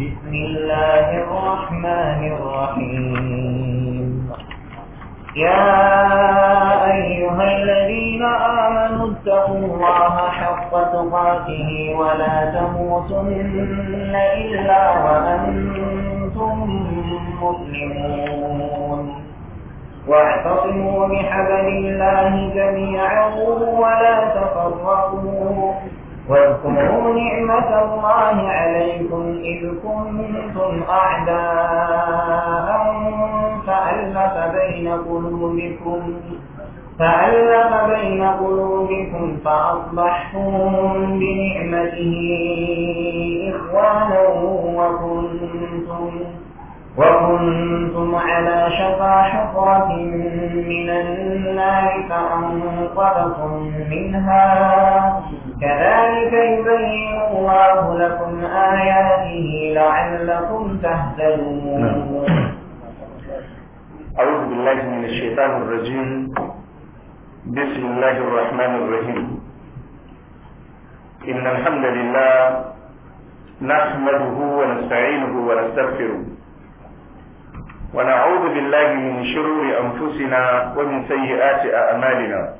بسم الله الرحمن الرحيم يا أيها الذين آمنوا اتقوا الله حق تقاته ولا تموتن إلا وأنتم مسلمون واعتصموا بحبل الله جميعا ولا تفرقوا واذكروا نعمة الله عليكم إذ كنتم أعداء فألف بين قلوبكم فألف بين قلوبكم فأصبحتم بنعمته إخوانا وكنتم وكنتم على شفا حفرة من النار فأنقذكم منها كذلك يبين الله لكم آياته لعلكم تهتدون نعم. أعوذ بالله من الشيطان الرجيم بسم الله الرحمن الرحيم إن الحمد لله نحمده ونستعينه ونستغفره ونعوذ بالله من شرور أنفسنا ومن سيئات أعمالنا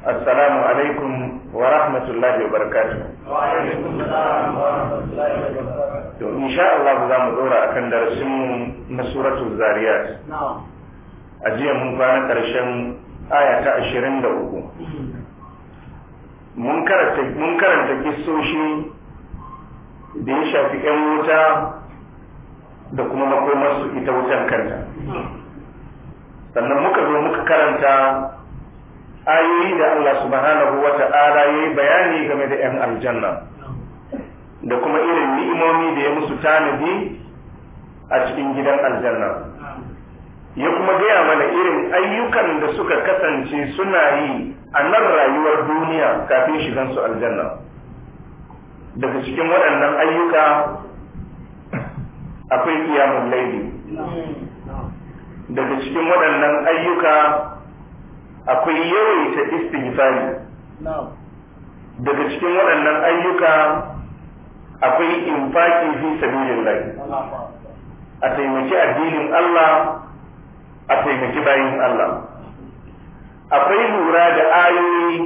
السلام عليكم ورحمة الله وبركاته وعليكم السلام ورحمة الله وبركاته إن شاء الله زام دورا أكن درسم نسورة الزاريات نعم أجي من فانا كرشم آية عشرين دوكو منكر تكسوشي kisoshi da ya shafi 'yan wuta da kuma makomarsu ita wutan kanta muka zo muka karanta ayoyi da Allah subhanahu wa ta'ala yi bayani game da yan aljanna da kuma irin ni'imomi da ya musu tanadi a cikin gidan aljanna ya kuma gaya mana irin ayyukan da suka kasance suna yi a nan rayuwar duniya kafin shigan su aljanna daga cikin waɗannan ayyuka akwai iya laili daga cikin waɗannan ayyuka akwai yawaita istighfari daga cikin waɗannan ayyuka akwai infaki fi sabilillah a taimaki addinin Allah a taimaki bayan Allah akwai lura da ayoyi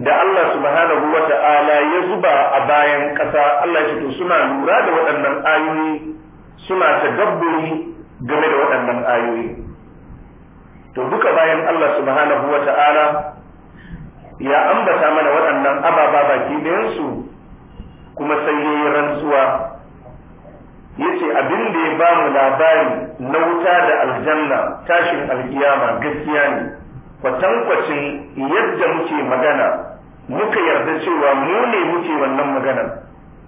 da Allah subhanahu wa ta'ala ya zuba a bayan ƙasa Allah shi to suna lura da waɗannan ayoyi suna ta gabbori game da waɗannan ayoyi to duka bayan Allah subhanahu wa ta'ala ya ambata mana waɗannan ababa baki ɗayansu kuma sai ya yi rantsuwa ya ce abin da ya ba mu labari na wuta da aljanna tashin alkiyama gaskiya ne kwatankwacin yadda muke magana muka yarda cewa mu ne muke wannan maganar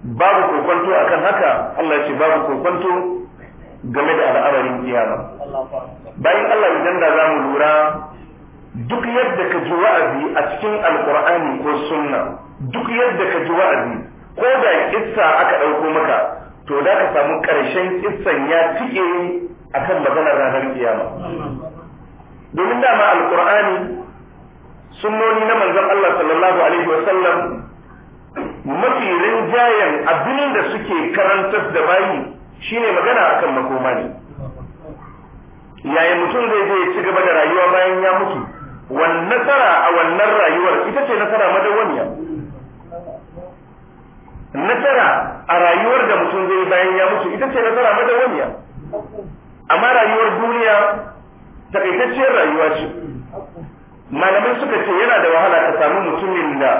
babu kokwanto akan haka Allah ya ce babu kokwanto game da al'amarin kiyama bayan Allah idan da zamu lura duk yadda ka ji wa'azi a cikin alkur'ani ko sunna duk yadda ka ji wa'azi ko da kissa aka ɗauko maka to da ka samu ƙarshen kissan ya tike akan maganar ranar kiyama domin dama alkur'ani sunnoni na manzon Allah sallallahu alaihi wa sallam mafi rinjayen abin da suke karantar da bayi shine magana akan makoma ne yaya mutum zai je ya ci gaba da rayuwa bayan ya mutu wannan nasara a wannan rayuwar ita ce nasara madawwamiya nasara a rayuwar da mutum zai bayan ya mutu ita ce nasara madawaniya amma rayuwar duniya takaitacciyar rayuwa ce malamai suka ce yana da wahala ka samu mutumin da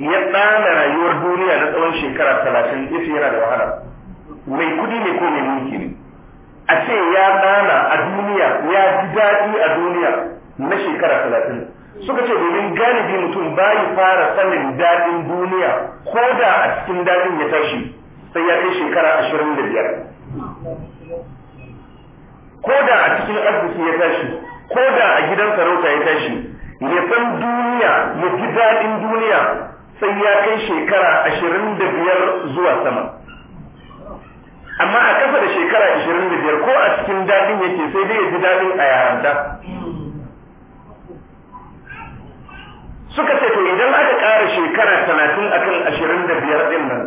ya ɗana rayuwar duniya na tsawon shekara talatin ita yana da wahala mai kudi ne ko mai mulki ne a ce ya dana a duniya ya ji daɗi a duniya na shekara talatin suka ce domin galibi mutum bayi fara sanin daɗin duniya ko da a cikin daɗin ya tashi sai ya kai shekara ashirin da biyar ko da a cikin arziki ya tashi ko da a gidan sarauta ya tashi ya san duniya ya ji daɗin duniya sai ya kai shekara ashirin da biyar zuwa sama amma a kafa da shekara 25 ko a cikin daɗin yake sai dai ya ji daɗin a yaranta suka ce to idan aka ƙara shekara 30 akan 25 ɗin nan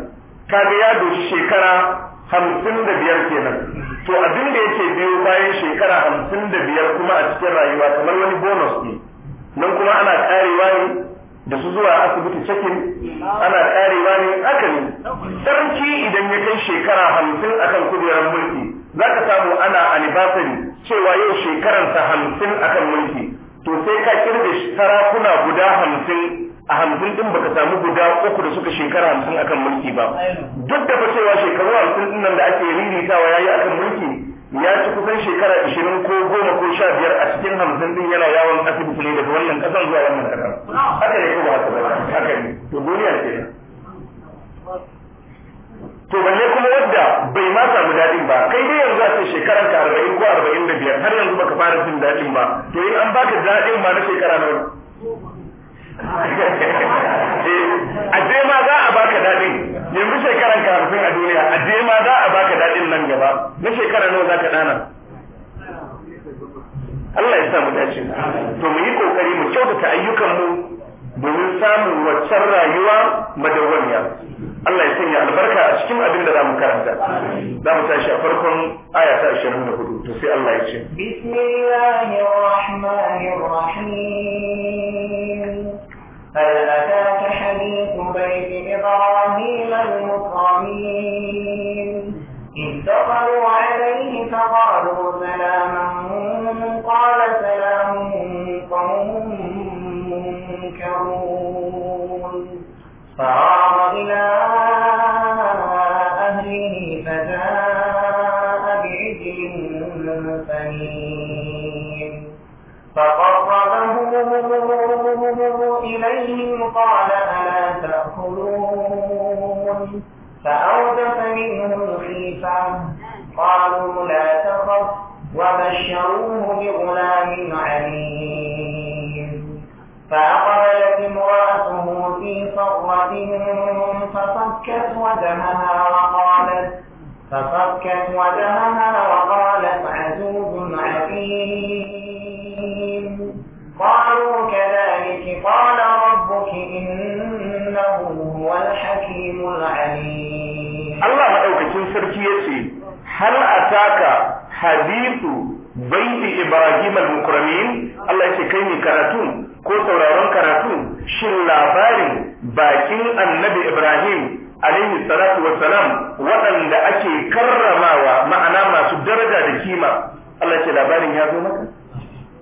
ga ya doshi shekara 55 kenan to abin da yake biyo bayan shekara 55 kuma a cikin rayuwa kamar wani bonus ne nan kuma ana ƙarewa ne da su zuwa asibiti cikin ana karewa ne haka ne sarki ya kai shekara hamsin akan kujerar mulki za ka samu ana anibasari cewa yau shekaransa hamsin akan mulki to sai ka kirga sarakuna guda hamsin a hamsin din baka samu guda uku da suka shekara hamsin akan mulki ba duk da cewa shekaru hamsin din nan da ake riritawa a akan mulki ya ci kusan shekara ishirin ko goma ko sha biyar a cikin hamsin din yana yawon asibiti ne daga wannan kasan zuwa wannan kasan haka ne ko ba haka ba haka ne to duniya ce to balle kuma wadda bai ma samu daɗin ba kai dai yanzu a ce shekaran ka arba'in ko arba'in da biyar har yanzu baka fara jin daɗin ba to in an baka daɗin ma na shekara nawa eh, a je ma za a baka daɗin yanzu shekaran ka arba'in a duniya a je ma za a baka daɗin nan gaba na shekara nawa za ka ɗana Allah ya samu dace to mu yi kokari mu kyautata ayyukan mu domin samun waccan rayuwa madawwamiya Allah ya sanya albarka a cikin abin da zamu karanta za mu tashi a farkon aya ta 24 to sai Allah ya ce bismillahir rahmanir rahim هل أتاك حديث بيت إبراهيم المكرمين إذ دخلوا عليه فقالوا سلاما قال سلام قوم منكرون فراغ إلى أهله فجاء بعجل سمين فقربه إليهم قال ألا تأكلون فأوجس منهم الخيفة قالوا لا تخف وبشروه بغلام عليم فأخذ فصكت ودمها وقالت فصكت وجهها وقالت عجوز عظيم قالوا كذلك قال ربك إنه هو الحكيم العليم الله أوكي تنسر كيسي هل أتاك حديث بين Ibrahim al-Mukramin Allah yake kai ni karatu ko sauraron karatu shin labarin bakin Annabi Ibrahim alaihi salatu wassalam waɗanda ake karramawa ma'ana masu daraja da kima Allah ce labarin ya zo maka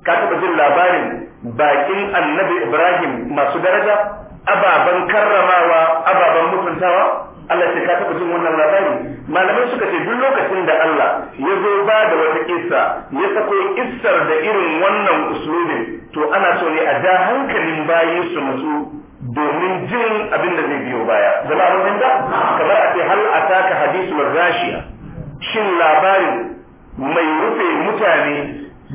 ka taɓa jin labarin bakin Annabi Ibrahim masu daraja ababen karramawa ababen mutuntawa Allah ce ka taɓa jin wannan labari malamai suka ce duk lokacin da Allah ya zo ba da wata kissa ya sako kissar da irin wannan uslubin to ana so ne a da hankalin bayi su nutsu domin jin abin da zai biyo baya zama mun Ka kamar a ce hal ataka hadisul rashiya shin labarin mai rufe mutane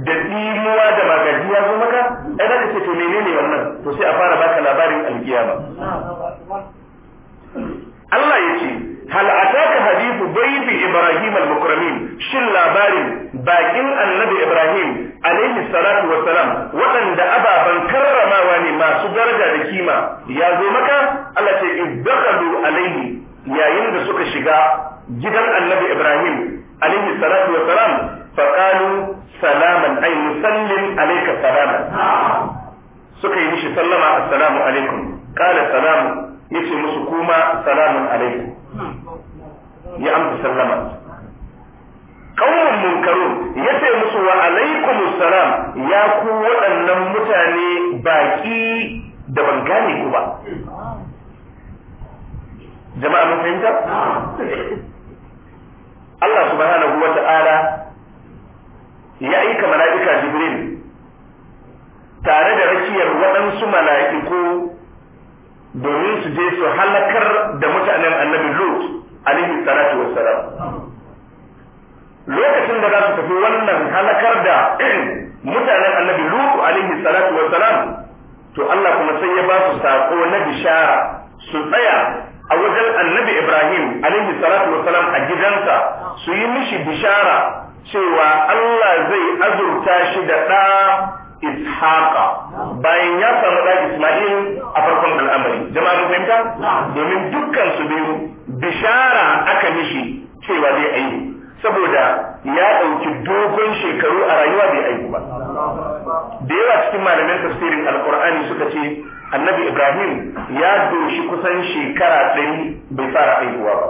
da tsimuwa da magaji ya zo maka ai da ce to menene wannan to sai a fara baka labarin alkiyama Allah ya ce hal ataka hadithu baybi ibrahim al-mukramin shin labarin bakin annabi ibrahim alaihi salatu wa salam waɗanda ababan karramawa ne masu daraja da kima ya zo maka Allah ce iddakalu alaihi yayin da suka shiga gidan annabi ibrahim alaihi salatu wa salam faqalu salaman ay musallim alayka salaman suka yi mishi sallama assalamu alaikum qala salamu ya ce musu kuma salamun alaikum ya amsa sallama kawun munkarun ya ce musu wa alaikum salam ya ku waɗannan mutane baƙi da ban gane ku ba jama'a mun fahimta Allah subhanahu wa ta'ala ya aika mala'ika Jibril tare da rashiyar waɗansu mala'iku domin su je su halakar da mutanen annabi Lut alaihi salatu salam lokacin da za su tafi wannan halakar da mutanen annabi Lut alaihi salatu salam to Allah kuma sai ya ba su sako na bishara su tsaya a wajen annabi Ibrahim alaihi salatu salam a gidansa su yi mishi bishara cewa Allah zai azurta shi da ɗa ishaqa bayan ya samu da isma'il a farkon al'amari jama'a mun fahimta domin dukkan su biyu bishara aka mishi cewa zai aiki saboda ya ɗauki dogon shekaru a rayuwa bai aiki ba da yawa cikin malamin tafsirin alkur'ani suka ce annabi ibrahim ya doshi kusan shekara ɗari bai fara aihuwa ba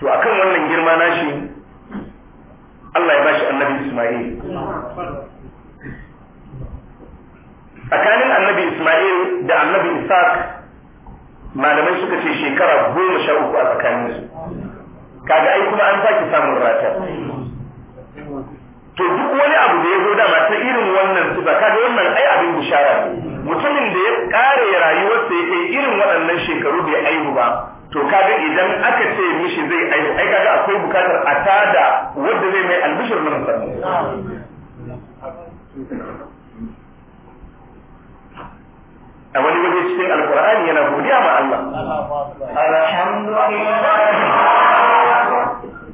to akan wannan girma nashi Allah ya bashi annabi Ismail tsakanin annabi Ismail da annabi Isaac malamai suka ce shekara goma sha uku a tsakanin su kaga ai kuma an sake samun rata to duk wani abu da ya zo dama ta irin wannan su ba, kaga wannan ai abin bishara ne mutumin da ya kare rayuwarsa ya kai irin waɗannan shekaru bai aihu ba to kaga idan aka ce mishi zai aihu ai kaga akwai bukatar a tada wanda zai mai albishir na musamman a wani wani cikin alkur'ani yana godiya ma Allah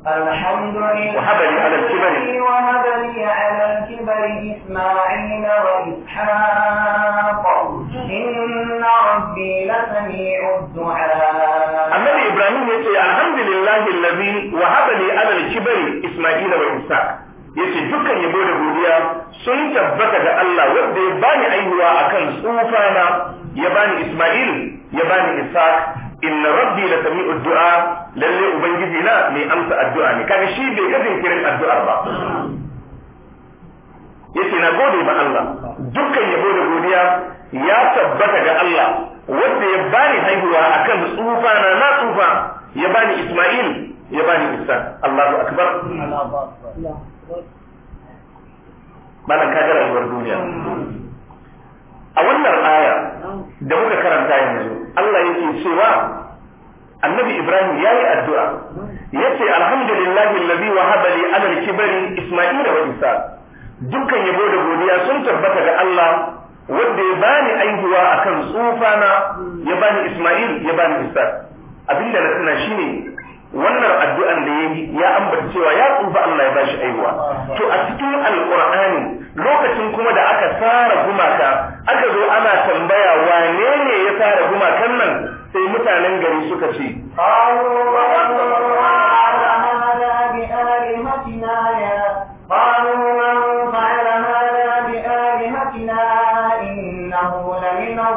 Alhamdulillah, wahabali ya al-kibari Ismaila wa Ishaq. Inna rabbi lasami'u du'a. Annabi Ibrahim yace alhamdulillah alladhi wahabali ala al-kibari Ismaila wa Ishaq. yace dukkan yabo da godiya sun tabbata ga Allah wanda ya bani aihuwa akan tsufana ya bani Isma'il ya bani Ishaq inna rabbi la sami'u du'a lalle ubangiji na mai amsa addu'a ne kaga shi bai kafin kirin addu'a ba yace na gode ma Allah dukkan yabo da godiya ya tabbata ga Allah wanda ya bani haihuwa akan tsufana na tsufa ya bani Isma'il ya bani Ishaq Allahu ka kaga rayuwar duniya a wannan aya da muka karanta yanzu Allah yake cewa annabi Ibrahim ya yi addu'a ya ce alhamdulillahi alladhi wahaba li ala kibari Isma'il wa Isa dukkan yabo da godiya sun tabbata ga Allah wanda ya bani aihuwa akan tsufana ya bani Isma'il ya bani Isa abinda na tuna shine wannan addu'an da yayi ya ambata cewa ya tsufa Allah ya bashi aiwa to a cikin alqur'ani lokacin kuma da aka fara gumaka aka zo ana tambaya wane ne ya fara gumakan nan sai mutanen gari suka ce Allahu akbar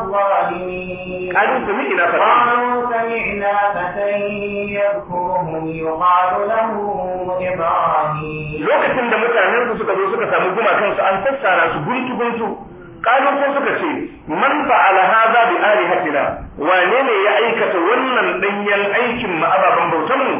الظالمين قالوا سمعنا فتى da mutanen su suka zo suka samu gumakan su an sassara su guntu guntu kano ko suka ce man fa'ala hadha bi alihatina wane ne ya aikata wannan danyen aikin mu ababan bautan mu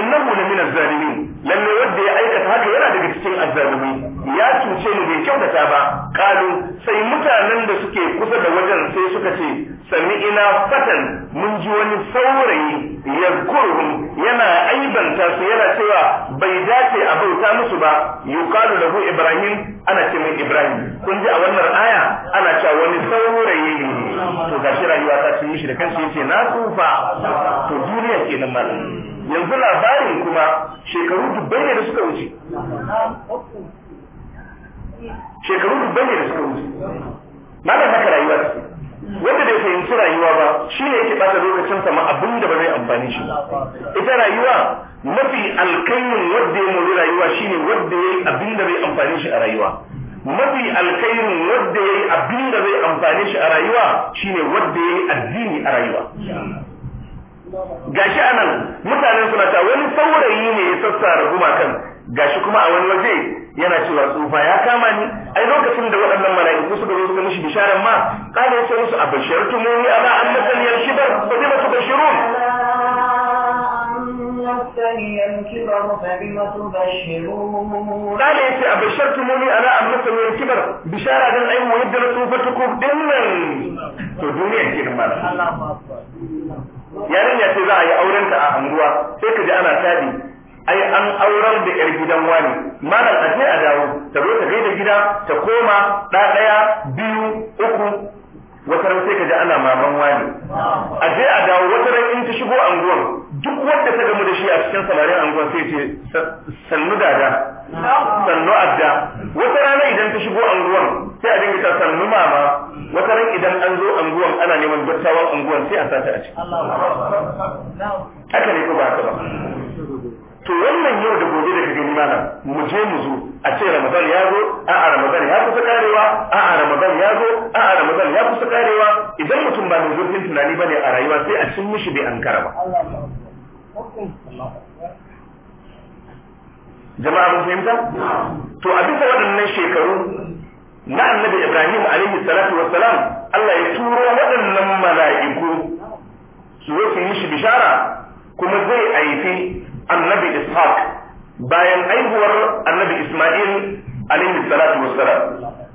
innahu la min az-zalimin lalle wanda ya aikata haka yana daga cikin azzalumi ya cuce ni bai kyautata ba kalu sai mutanen da suke kusa da wajen sai suka ce sami ina fatan mun ji wani saurayi kurhum yana aibanta su yana cewa bai dace a bauta musu ba yuqalu lahu ibrahim ana ce mai ibrahim kun ji a wannan aya ana cewa wani saurayi ne. to gashi rayuwa ta yi shi da ya ce na tsufa to duniya kenan malam yanzu labarin kuma shekaru dubbai ne da suka wuce shekaru dubbai ne da suka wuce malam haka rayuwa take wanda bai fahimci rayuwa ba shi ne yake ɓata lokacin sama abin da ba zai amfani shi ita rayuwa mafi alkairin wadda ya mori rayuwa shi ne wadda ya yi abin da bai amfani shi a rayuwa mafi alkairin wadda ya yi abin da bai amfani shi a rayuwa shi ne wadda ya yi addini a rayuwa gashi anan mutanen suna ta wani saurayi ne ya sassara gumakan gashi kuma a wani waje yana cewa tsufa ya kama ni ai lokacin da waɗannan mala'iku suka zo suka mishi bishara ma kada ya ce su a bashirtu muni ala annaka nasaniyar shibar ba zai masu bashirun kada ya ce a bashirtu a ala annaka nasaniyar shibar bishara don mu yadda tsufa ta tukub dinnan to duniya Allah ma ya ce za a yi auren ta a anguwa sai ka ji ana tabi ai an aurar da yar gidan wani malam a je a dawo ta zo ta gaida gida ta koma ɗaya biyu uku wata ran sai ka ji ana maman wani a je a dawo wata ran in ta shigo anguwar duk wanda ta gamu da shi a cikin samarin anguwar sai ce sannu dada sannu adda wata rana idan ta shigo anguwar sai a dinga ta sannu mama wata ran idan an zo anguwar ana neman dattawan anguwar sai a sata a ciki haka ne ko ba haka ba to wannan yau da gobe da ka gani ramadana mu je mu zo a ce ramadan ya zo a a ramadan ya kusa karewa a a ramadan ya zo a a ramadan ya kusa karewa idan mutum ba mai zurfin tunani bane a rayuwa sai a cin mishi bai ankara ba jama'a mun fahimta to a bisa waɗannan shekaru na annabi ibrahim alaihi salatu wassalam Allah ya turo waɗannan mala'iku su yi mishi bishara kuma zai aifi annabi ishaq bayan aihuwar annabi Ismail alaihi salatu wassalam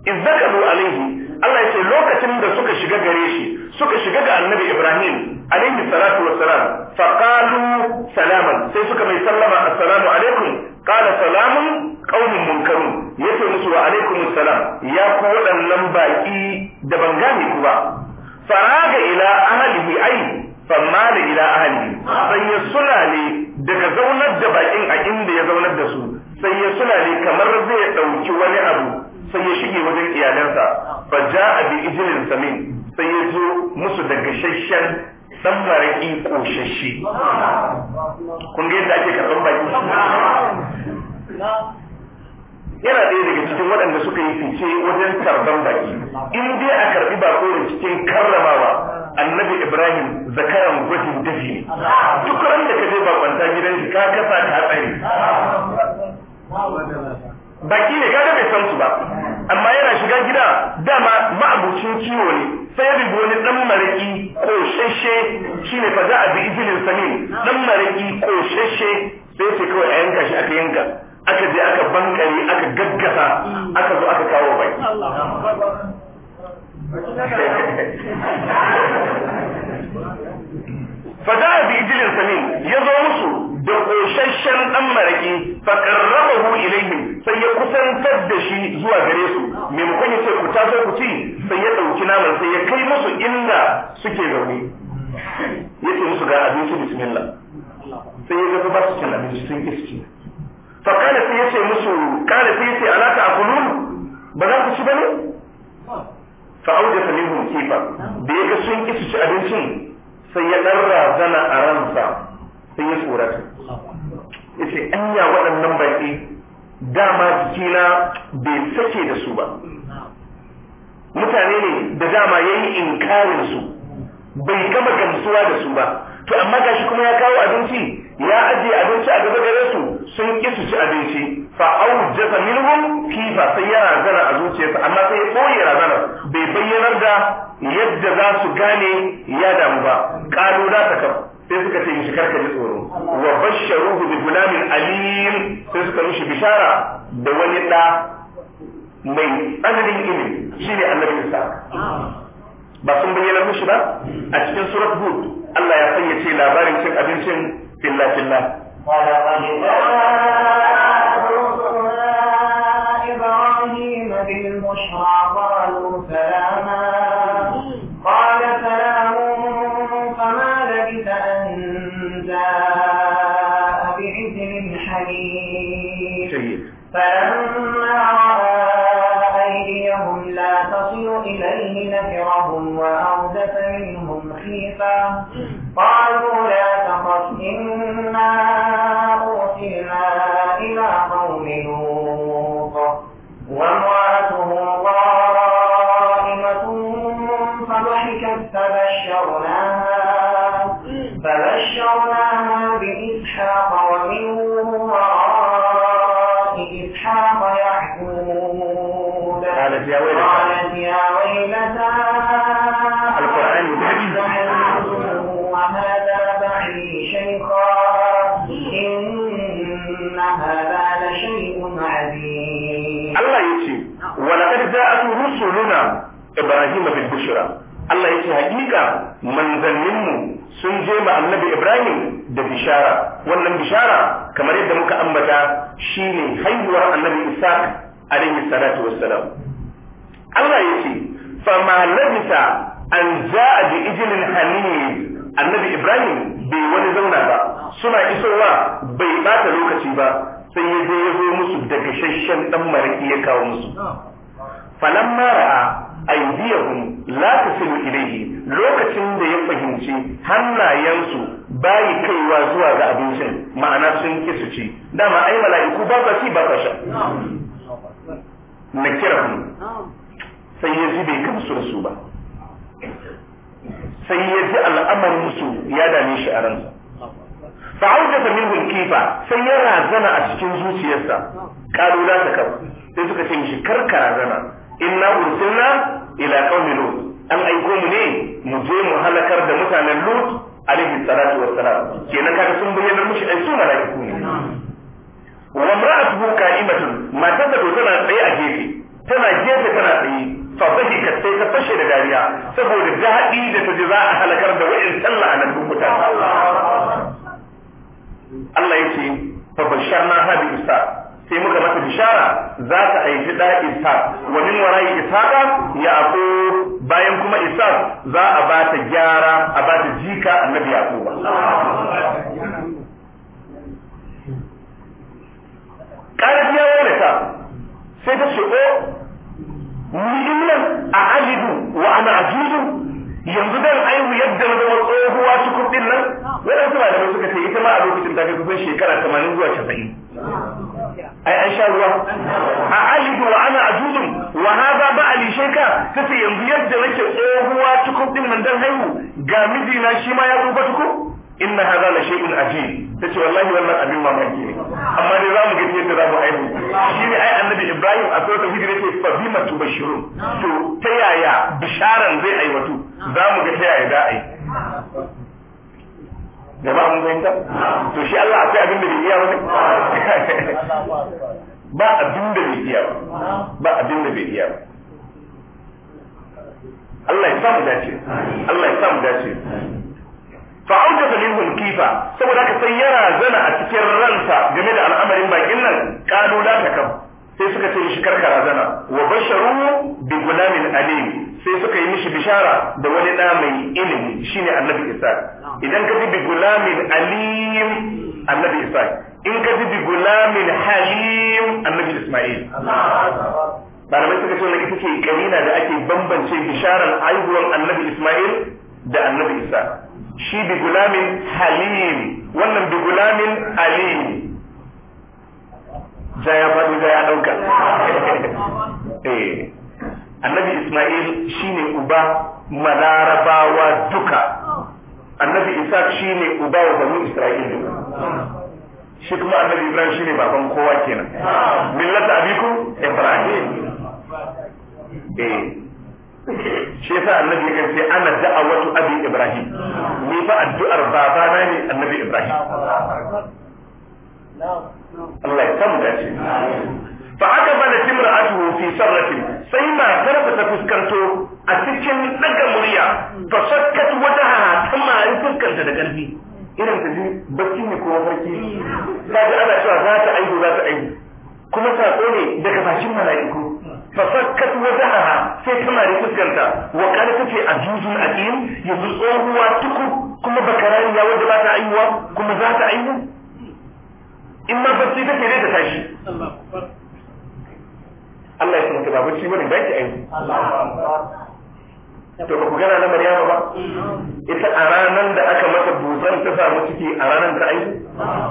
izzakalu alaihi Allah ya ce lokacin da suka shiga gare shi suka shiga ga annabi Ibrahim alaihi salatu wassalam qalu salaman sai suka mai sallama assalamu alaikum qala salamun qaumun munkarun yace musu wa alaikum assalam ya ku waɗannan baki da ban gane ku ba faraga ila ahlihi ai famma ila ahlihi sai ya sulale daga zaunar da bakin a inda ya zaunar da su sai ya suna ne kamar zai ɗauki wani abu sai ya shige wajen iyalansa fa a bi ijlin samin sai ya zo musu da gasasshen dan maraƙi kun ga yadda ake karban baki yana ɗaya daga cikin waɗanda suka yi fice wajen karɓar baki in dai a karɓi bako da cikin karramawa annabi ibrahim zakaran gwajin dafi ne duk ran da ka je bakwanta gidan shi ka kasa ka hatsari baki ne kaga bai san su ba amma yana shiga gida dama ma'abucin ciwo ne sai rigo wani dan maraki shi ne fa za a bi izinin samin ɗan maraki ƙosheshe sai ce kawai a yanka shi aka yanka aka je aka bankare aka gaggasa aka zo aka kawo bai fada bi ijilin sanin ya zo musu da ƙoshashen ɗan maraƙi faƙarraba hu ilaihim sai ya kusantar da shi zuwa gare su maimakon ya ce ku taso ku ci sai ya ɗauki naman sai ya kai musu inda suke zaune yace musu ga abinci bismillah sai ya ga ba su cin abinci sun iske fa kana sai yace musu kana sai yace ala ba za ku ci bane fa fa minhum kifa da yaga sun ki su ci abincin sai ya dan razana a ransa sai ya tsorata yace anya waɗannan baki dama jikina bai sace da su ba mutane ne da dama yayi inkarin su bai gama gamsuwa da su ba to amma gashi kuma ya kawo abinci ya ajiye abinci a gaba gare su sun ki su ci abinci fa aujasa minhum kifa sai ya razana a zuciyarsa amma sai ya koyi razana bai bayyanar da yadda za su gane ya damu ba kalu da ta kam sai suka ce mishi karka ji tsoro wa basharuhu bi gulamin alim sai suka mishi bishara da wani da mai tsananin ilimi shine annabi isa ba sun bayyana mishi ba a cikin surat hud Allah ya sanya ce labarin cin abincin filla filla Ibrahim da bishara wannan bishara kamar yadda muka ambata shine haihuwar annabi Isa alaihi salatu wassalam Allah ya ce fama labisa an ja'a bi ijlin hamid annabi Ibrahim bai wani zauna ba suna isowa bai bata lokaci ba sai ya je ya zo musu da gashashen dan maraki ya kawo musu falamma ra'a aydiyahum la tasilu ilayhi lokacin da ya fahimci hannayensu bayi kaiwa zuwa ga abincin ma'ana sun ki su ci dama ai mala'iku ba sa ci ba sa sha na kira mu sai ya ji bai gamsu da su ba sai ya ji al'amarin su ya dame shi a ransa ta minhum kifa sai ya razana a cikin zuciyarsa kalu da ta kawo sai suka ce shi karka razana inna ursilna ila qaumin lut an aiko mu ne mu je mu halakar da mutanen lut alaihi salatu ke kenan kaga sun bayyana mushi ai suna da kuni wa imra'atuhu qa'imatun matar da tana tsaye a gefe tana gefe tana tsaye fa bahi ka sai ta fashe da dariya saboda daɗi da ta ji za a halakar da wa'in sallah a nan lokutan Allah yake fa basharna hadi isa sai muka mata bishara za ta haifi ɗa isa wa min wara'i ya yaqub bayan kuma isa za a ba ta gyara a ba ta jika annabi yaquba ƙarfiya wani ta sai ta shigo ni a alidu wa ana ajuzu yanzu dan aihu yadda na zama tsohuwa cikin ɗin nan waɗansu da suka ce ita ma a lokacin ta kusan shekara 80 zuwa 90 ai an sha ruwa a alidu wa ana ajudun wa hada ba ali sheka kace yanzu yadda nake tsohuwa tukun din nan dan haihu ga mijina shi ma ya tsufa tukun inna hadha la shay'un ajib tace wallahi wannan abin mamaki ne amma dai zamu gani yadda zamu shi ne ai annabi ibrahim a suratul hijr yake fa bima tubashirun to ta yaya bisharan zai aiwatu zamu ga ta yaya da ai jama'a mun fahimta to shi Allah akwai abin da bai iya ba ne ba abin da bai iya ba ba abin da bai iya ba Allah ya samu dace Allah ya samu dace fa aujaba minhu al-kifa saboda haka sai ya razana a cikin ransa game da al'amarin bakin nan kalu la takam sai suka ce shi karka razana wa basharu bi gulamin alim sai suka yi mishi bishara da wani da mai ilimi shine annabi isa idan ka ji bi gulamin alim annabi Isa'il in ka ji bi gulamin halim annabi Isma'il malamai suka ce wani ita ce karina da ake bambance bisharar aihuwar annabi Isma'il da annabi Isa shi bi gulamin halim wannan bi gulamin alim Za ya faɗi za ya ɗauka eh, annabi Isma'il shi ne uba malarabawa duka annabi isa ne uba wa banu isra'ila shi kuma annabi ibrahim ne baban kowa kenan millata abikum ibrahim eh shi yasa annabi ya ce ana da'awatu abi ibrahim ni fa addu'ar babana ne annabi ibrahim Allah ya samu shi. fa aka bala timra'atu fi sarratin sai matar ta fuskanto a cikin daga murya fa sakkat wajha ta mari fuskanta da ƙarfi irin ta ji bacci ne ko farki ta ga ana cewa za ta aihu za ta aiki. kuma sako ne daga bakin mala'iku fa sakkat wajha sai ta mari fuskanta wa kana tace a aqim yanzu tsohuwa tuku kuma ba bakarariya wanda ba ta aihuwa kuma za ta aihu in ma bacci take ne ta tashi Allah ya ba ba shi bane baki aiki to ba ku gana na Maryama ba ita a ranar da aka mata buzan ta samu ciki a ranar da ai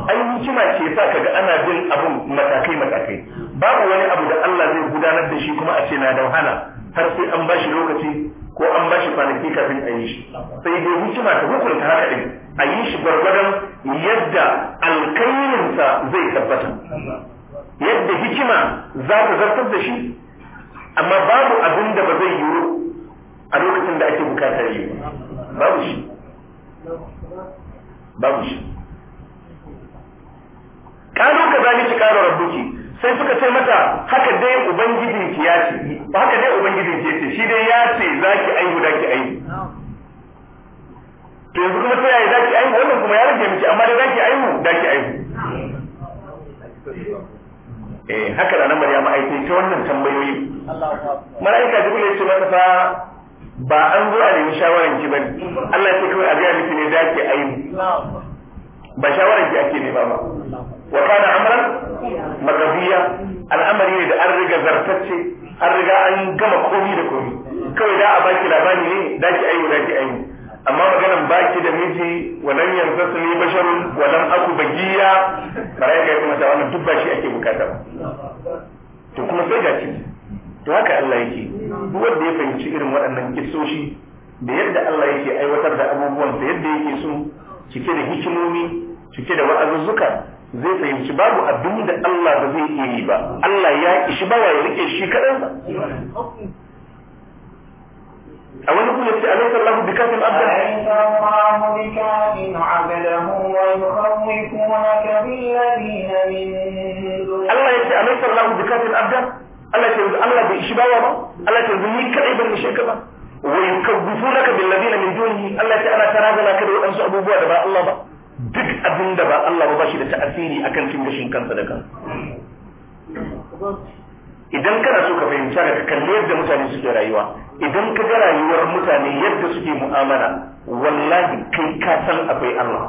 ai hikima ce sa kaga ana bin abun matakai matakai babu wani abu da Allah zai gudanar da shi kuma a ce na da wahala har sai an bashi lokaci ko an bashi kwanaki kafin a yi shi sai dai hikima ta hukunta haka din a yi shi gwargwadon yadda alkairinsa zai tabbata yadda hikima za ta zartar da shi amma babu abin da ba zai yiwu a lokacin da ake bukatar yi babu shi babu shi kano ka zaliki kano rabuki sai suka ce mata haka dai ubangijin ki ya ce haka dai ubangijin ki ya ce shi dai ya ce za ki aihu da ki aihu to yanzu kuma ta yaya za ki aihu wannan kuma ya rage miki amma dai za ki aihu da ki aihu eh haka da nan Maryam aikin ta wannan tambayoyi malaika Jibril ya ce matasa ba an zo a nemi shawaran ki bane Allah ya ce kawai a ga miki ne da ke ayi ba shawarar ki ake ne ba wa kana amran maqdiya al'amari ne da an riga zartacce an riga an gama komi da komi kawai da a baki labari ne miji walan yansasni bashar walan aku bagiya bare kai kuma ta wannan duk shi ake bukata ba to kuma sai ga shi to haka Allah yake duk wanda ya fahimci irin waɗannan kissoshi da yadda Allah yake aiwatar da abubuwan da yadda yake su cike da hikimomi cike da wa'azuzzuka zai fahimci babu abin da Allah ba zai iya yi ba Allah ya ishi ba ya rike shi kaɗan ba a wani kuma ce a lokacin lafi bikafin abdan a yi ta mamu bikafin abdahu wa yi kawai kuma na kabilari na min Allah ya ce a lokacin lafi bikafin abdan Allah ce yanzu Allah bai shi bawa ba Allah ce yanzu ni kaɗai ban ishe ka ba wa yi kagufu na kabilari na min doni Allah ce ana tara zana ka da waɗansu abubuwa da ba Allah ba duk abin da ba Allah ba ba shi da ta'asiri a kan cin gashin kansa da idan kana so ka fahimci ka kalli yadda mutane suke rayuwa idan ka ga rayuwar mutane yadda suke mu'amala wallahi kai ka san akwai Allah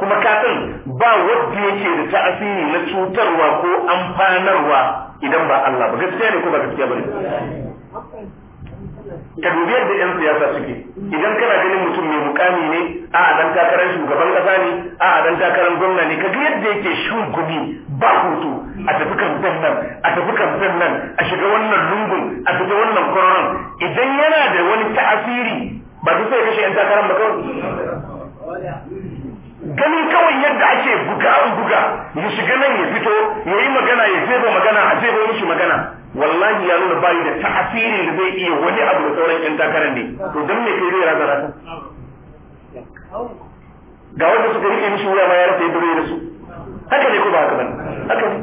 kuma ka san ba wanda yake da ta'asiri na cutarwa ko amfanarwa idan ba Allah ba gaskiya ne ko ba gaskiya ba ne ka dubi yadda yan siyasa suke idan kana ganin mutum mai mukami ne a a dan takarar shugaban kasa ne a a dan takarar gwamna ne ka yadda yake shugubi ba hutu a tafi kan nan a tafi kan nan a shiga wannan lungun a tafi wannan kororon idan yana da wani ta'asiri ba su sai kashe yan takarar ba kawai ganin kawai yadda ake buga an buga ya shiga nan ya fito ya yi magana ya jefa magana a jefa mishi magana wallahi ya nuna bayi da ta'asiri da zai iya wani abu da sauran yan takarar ne to dan me kai zai razana ga wanda suka rike mishi wuya ma ya rasa yadda da su haka ne ko ba haka ba? haka ne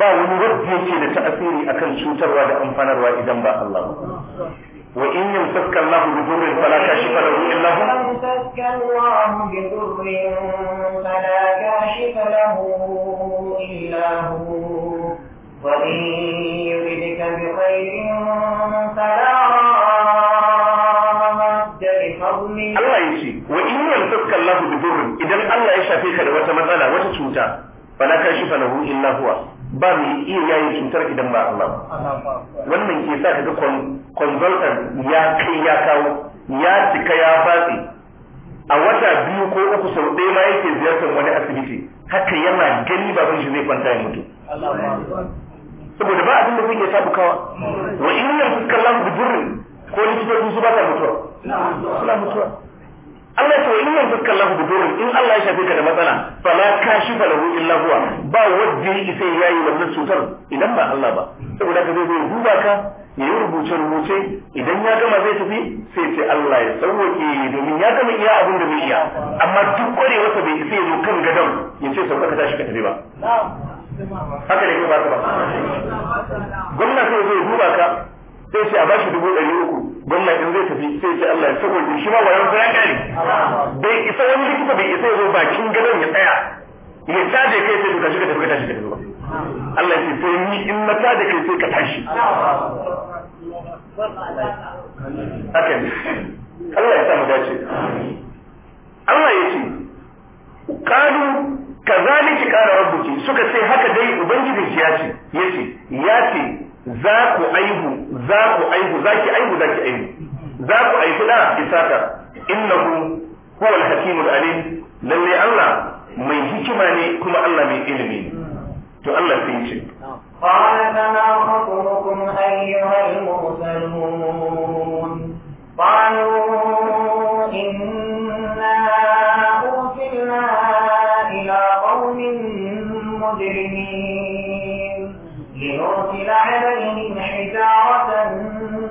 ba wani wanda yake da ta'asiri akan cutarwa da amfanarwa idan ba Allah ba وإن يمسك الله بضر فلا كاشف له إلا هو يمسك الله بضر فلا كاشف له إلا هو وإن يردك بخير فلا رد لفضله الله يجي وإن يمسك الله بضر إذا الله يشافيك لوتمثلا وتتوتا فلا كاشف له إلا هو ba mu iya yayin cutar idan ba Allah wannan ke sa kaga consultant ya kai ya kawo ya cika ya fatsi a wata biyu ko uku sau ɗaya ma yake ziyartar wani asibiti haka yana gani ba shi zai kwanta ya mutu saboda ba abin da zai iya kawa wa in yanzu kallon bujurin ko likitoci su ba ta mutuwa suna mutuwa Allah ce in yanzu da bidurun in Allah ya shafe ka da matsala fala kashifa lahu illa huwa ba wanda ya isa ya yi wannan cutar idan ba Allah ba saboda ka zai zai duba ka ya yi rubuce rubuce idan ya gama zai tafi sai ce Allah ya sauwake domin ya gama iya abin da bai iya amma duk wasa bai isa ya zo kan gadon ya ce sauka ka tashi ka tafi ba haka ne ke ba ka ba gwamnati ya duba ka sai ce a bashi dubu ɗari uku gwamna in zai tafi sai ce Allah ya saboda shi ma wa sa ya kare bai isa wani likita bai isa ya bakin gadon ya tsaya ya caje kai sai ka shiga tafi ka tashi ka tafi ba Allah ya ce sai ni in na caje kai sai ka tashi haka ne Allah ya sa mu dace Allah ya ce qalu kazalika qala rabbuki suka ce haka dai ubangiji ya ce yace ya ce za ku aihu za ku aihu za ki aihu za ki aihu za ku aihu da isaka innahu huwa al-hakimul alim lalle Allah mai hikima ne kuma Allah mai ilimi to Allah sai ce قال فما خطبكم أيها المرسلون قالوا إنا أرسلنا إلى قوم مجرمين لنرسل عليهم حجارة من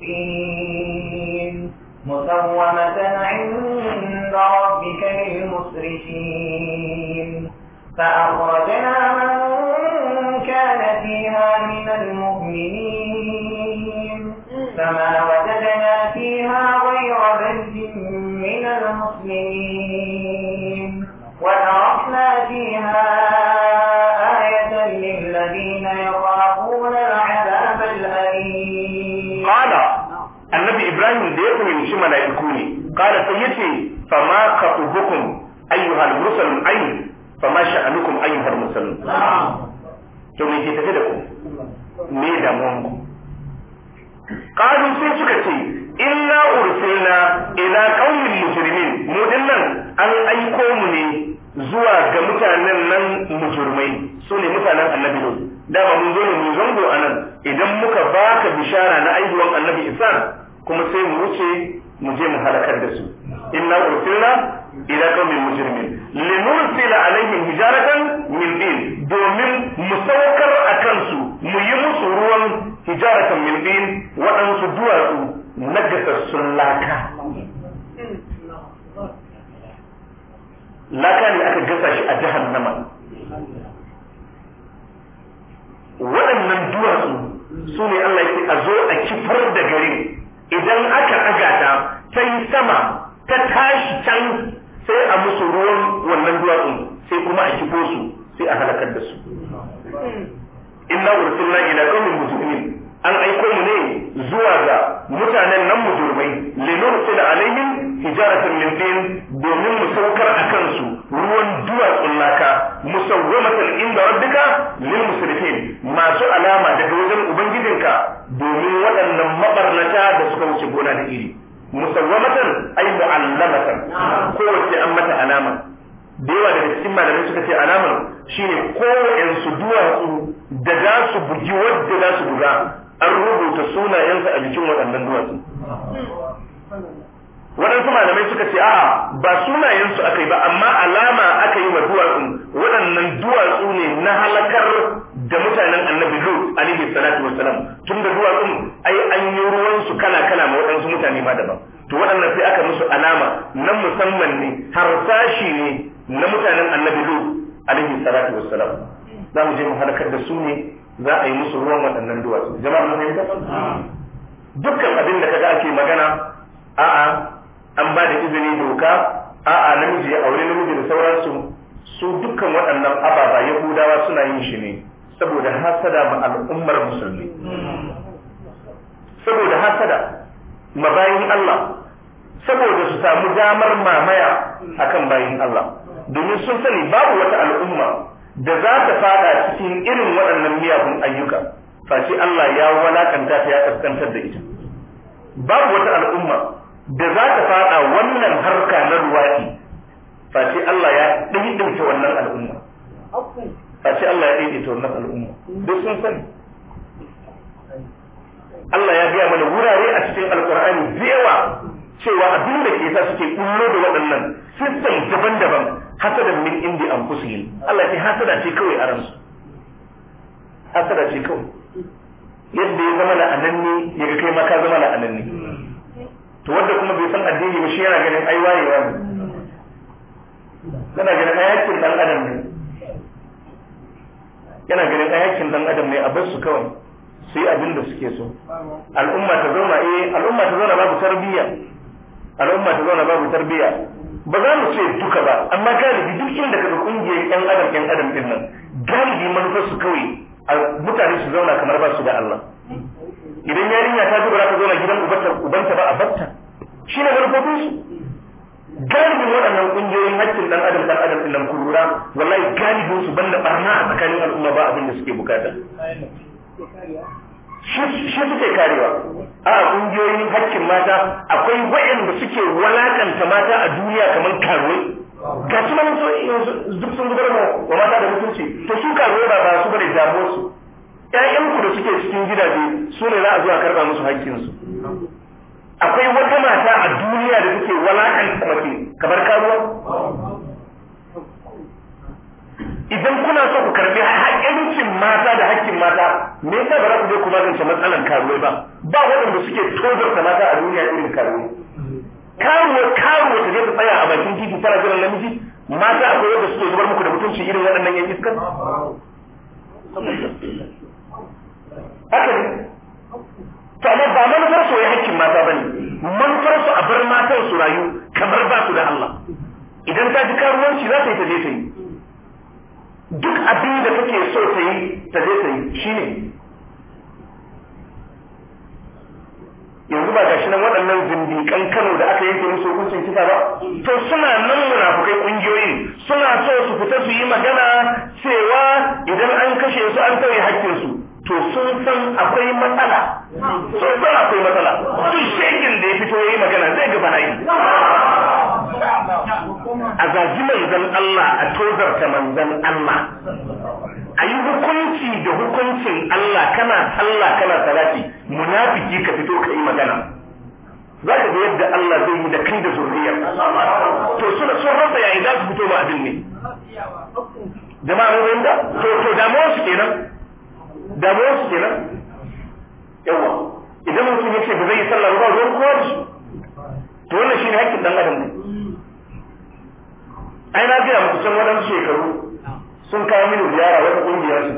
طين مسومة عند ربك للمسرفين فأخرجنا من كان فيها من المؤمنين فما وجدنا فيها غير بلد من المسلمين وتركنا فيها mala'iku ne qala sai yace fama khatubukum ayyuhal mursalun ay fama sha'anukun ayyuhal mursalun to me ke tafi da ku me da ku qalu sai suka ce inna ursilna ila qaumin mujrimin mu dinnan an aiko mu ne zuwa ga mutanen nan mujrimai su ne mutanen annabi ne dama mun zo ne mu zango anan idan muka baka bishara na aihuwan annabi isa kuma sai mu wuce mu je mu halakar da su inna ursilna ila qaumin mujrimin linursila alaihim hijaratan min din domin mu saukar akan su mu yi musu ruwan hijaratan min din waɗansu duwatsu na gasassun laka laka ne aka gasa shi a jahannama waɗannan duwatsu su ne Allah ya a zo a kifar da garin idan aka agata, ta ta yi sama ta tashi can sai a musu ruwan wannan duwatsun sai kuma a kifo su sai a halakar da su inna suna ila qaumin mujrimin an aiko mu ne zuwa ga mutanen nan mujrimai linursila alaihim hijaratan min tin domin mu saukar a kansu ruwan duwatsun laka musawwamatan inda rabbika lil musrifin masu alama daga wajen ubangijinka domin waɗannan mabarnata da suka wuce gona da iri musawwamatan ai mu'allamatan kowace an mata alama da yawa daga cikin malamai suka ce alamar shine duwa duwatsu da za su bugi wadda za su buga an rubuta sunayensu a jikin waɗannan duwatsu waɗansu malamai suka ce a'a ba sunayensu aka yi ba amma alama aka yi wa duwatsu waɗannan duwatsu ne na halakar da mutanen annabi lut alaihi salatu wassalam tun da din ai an yi ruwan su kala kala ma waɗansu mutane ma daban to waɗannan sai aka musu alama nan musamman ne harsashi ne na mutanen annabi lu alaihi salatu wassalam za mu je mu halakar da su ne za a yi musu ruwan waɗannan duwatsu jama'a mun fahimta dukkan abin da kaga ake magana a'a an ba da izini doka a'a namiji ya aure namiji da sauransu su dukkan waɗannan ababa yahudawa suna yin shi ne saboda hasada ma al'ummar musulmi saboda hasada ma bayin Allah saboda su samu damar mamaya akan bayin Allah domin sun sani babu wata al'umma da za ta fada cikin irin waɗannan miyagun ayyuka face Allah ya walakanta ta ya kaskantar da ita babu wata al'umma da za ta fada wannan harka na ruwaki face Allah ya ɗaiɗaita wannan al'umma a ce Allah ya daidaita wannan al'umma duk sun sani Allah ya gaya mana wurare a cikin alkur'ani da yawa cewa abin da ke sa suke kullo da waɗannan system daban-daban hasadan min indi an kusurin. Allah ya hasada ce kawai a ransu hasada ce kawai yadda ya zama la'ananne ya ga kai ma ka zama la'ananne to wanda kuma bai san addini ba shi yana ganin ai wayewa ne kana ganin ayatin dan adam ne yana ganin ayakin dan adam ne a bar su kawai su yi abin da suke so al'umma ta zauna eh al'umma ta zauna babu tarbiyya al'umma ta zauna babu tarbiyya ba za mu ce duka ba amma galibi duk inda kaga kungiyar yan adam yan adam din nan galibi manufar su kawai mutane su zauna kamar ba su da Allah idan yarinya ta za ta zauna gidan ubanta ba a batta shine manufofin su galibin waɗannan ƙungiyoyin haƙƙin ɗan adam ɗan adam ɗin ku lura wallahi galibin su banda ɓarna a tsakanin al'umma ba abin da suke bukata shi suke karewa a ƙungiyoyin haƙƙin mata akwai waɗanda suke walakanta mata a duniya kamar karuwai ga su nan duk sun zubar wa mata da mutunci to su karuwai ba ba su bane damuwar su ƴaƴanku da suke cikin gidaje su ne za a zuwa karɓa musu haƙƙinsu akwai wata mata a duniya da take walakanta mace kamar karuwa idan kuna so ku karbi haƙƙin mata da haƙƙin mata me yasa ba za ku je ku magance matsalan karuwai ba ba waɗanda suke tozarta mata a duniya irin karuwai karuwa karuwa ta je ta tsaya a bakin titi tana jiran namiji mata akwai wanda suke zubar muku da mutunci irin waɗannan yan iskan haka ne to ba manufar su wai hakkin mata bane manufar su a bar matan su rayu kamar ba su da Allah idan ta ji karuwanci za ta yi ta je ta duk abin da kake so ta yi ta je ta yi shine yanzu ba gashi nan waɗannan zindiƙan Kano da aka yanke musu hukuncin kisa ba to suna nan munafukai kungiyoyin suna so su fita su yi magana cewa idan an kashe su an tauye hakkin su to sun san akwai matsala sun san akwai matsala duk shekin da ya fito ya yi magana zai ga yi a zaji manzan Allah a tozarta manzan Allah a yi hukunci da hukuncin Allah kana allah kana salati munafiki ka fito ka yi magana za ka ga yadda Allah zai yi da kai da zuriyar to suna sun rasa yayi za su fito ba abin ne jama'a mun da to to damuwar su kenan damuwar su kenan yawa idan mutum ya ce ba zai yi sallah ba zuwa kowa da su to wannan shine haƙƙin dan adam ne ai na ga muku can shekaru sun kawo mini ziyara wata kungiya su